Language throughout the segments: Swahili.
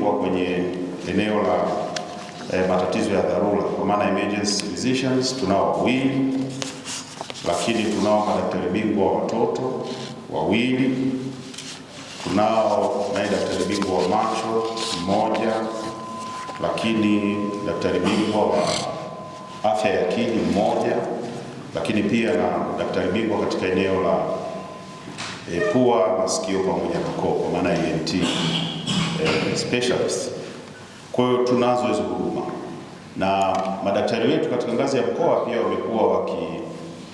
Bwa kwenye eneo la eh, matatizo ya dharura kwa maana emergency physicians tunao wawili, lakini tunao madaktari bingwa wa watoto wawili, tunao naye daktari bingwa wa macho mmoja, lakini daktari bingwa wa afya ya akili mmoja, lakini pia na daktari bingwa katika eneo la eh, pua, masikio pamoja na koo kwa maana ENT specialist. Kwa hiyo tunazo hizo huduma na madaktari wetu katika ngazi ya mkoa pia wamekuwa waki,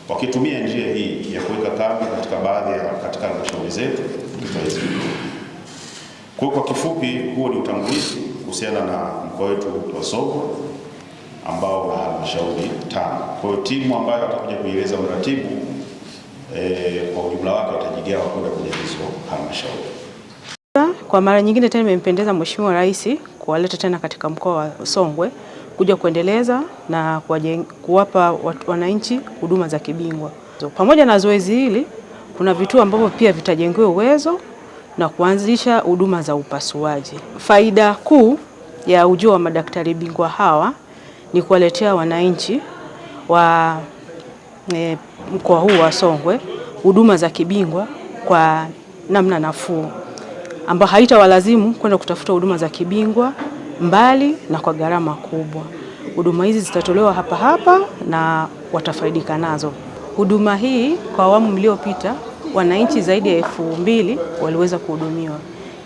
wakitumia njia hii ya kuweka kambi katika baadhi ya katika halmashauri zetu. Kwa hiyo kwa kifupi, huo ni utangulizi kuhusiana na mkoa wetu wa Songwe ambao una halmashauri tano. Kwa hiyo timu ambayo atakuja kuieleza mratibu e, kwa ujumla wake watajigawa kwenda kwenye hizo halmashauri. Kwa mara nyingine tena imempendeza Mheshimiwa Rais kuwaleta tena katika mkoa wa Songwe kuja kuendeleza na kuwapa wananchi huduma za kibingwa. Pamoja na zoezi hili, kuna vituo ambavyo pia vitajengewa uwezo na kuanzisha huduma za upasuaji. Faida kuu ya ujio wa madaktari bingwa hawa ni kuwaletea wananchi wa e, mkoa huu wa Songwe huduma za kibingwa kwa namna nafuu ambayo haitawalazimu kwenda kutafuta huduma za kibingwa mbali na kwa gharama kubwa. Huduma hizi zitatolewa hapa hapa na watafaidika nazo. Huduma hii kwa awamu mliopita wananchi zaidi ya elfu mbili waliweza kuhudumiwa.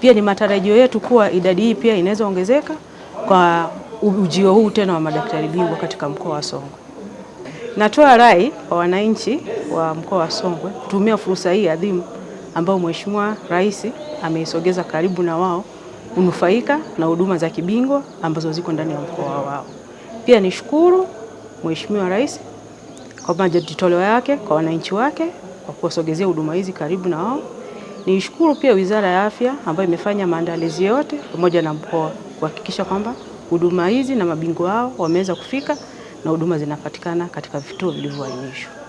Pia ni matarajio yetu kuwa idadi hii pia inaweza ongezeka kwa ujio huu tena wa madaktari bingwa katika mkoa wa Songwe. Natoa rai kwa wananchi wa mkoa wa Songwe kutumia fursa hii adhimu ambao Mheshimiwa Rais ameisogeza karibu na wao kunufaika na huduma za kibingwa ambazo ziko ndani ya mkoa wao. Pia nishukuru Mheshimiwa Rais kwa majitoleo yake kwa wananchi wake kwa kuwasogezea huduma hizi karibu na wao. Nishukuru pia Wizara ya Afya ambayo imefanya maandalizi yote pamoja na mkoa kuhakikisha kwamba huduma hizi na mabingwa wao wameweza kufika na huduma zinapatikana katika vituo vilivyoainishwa.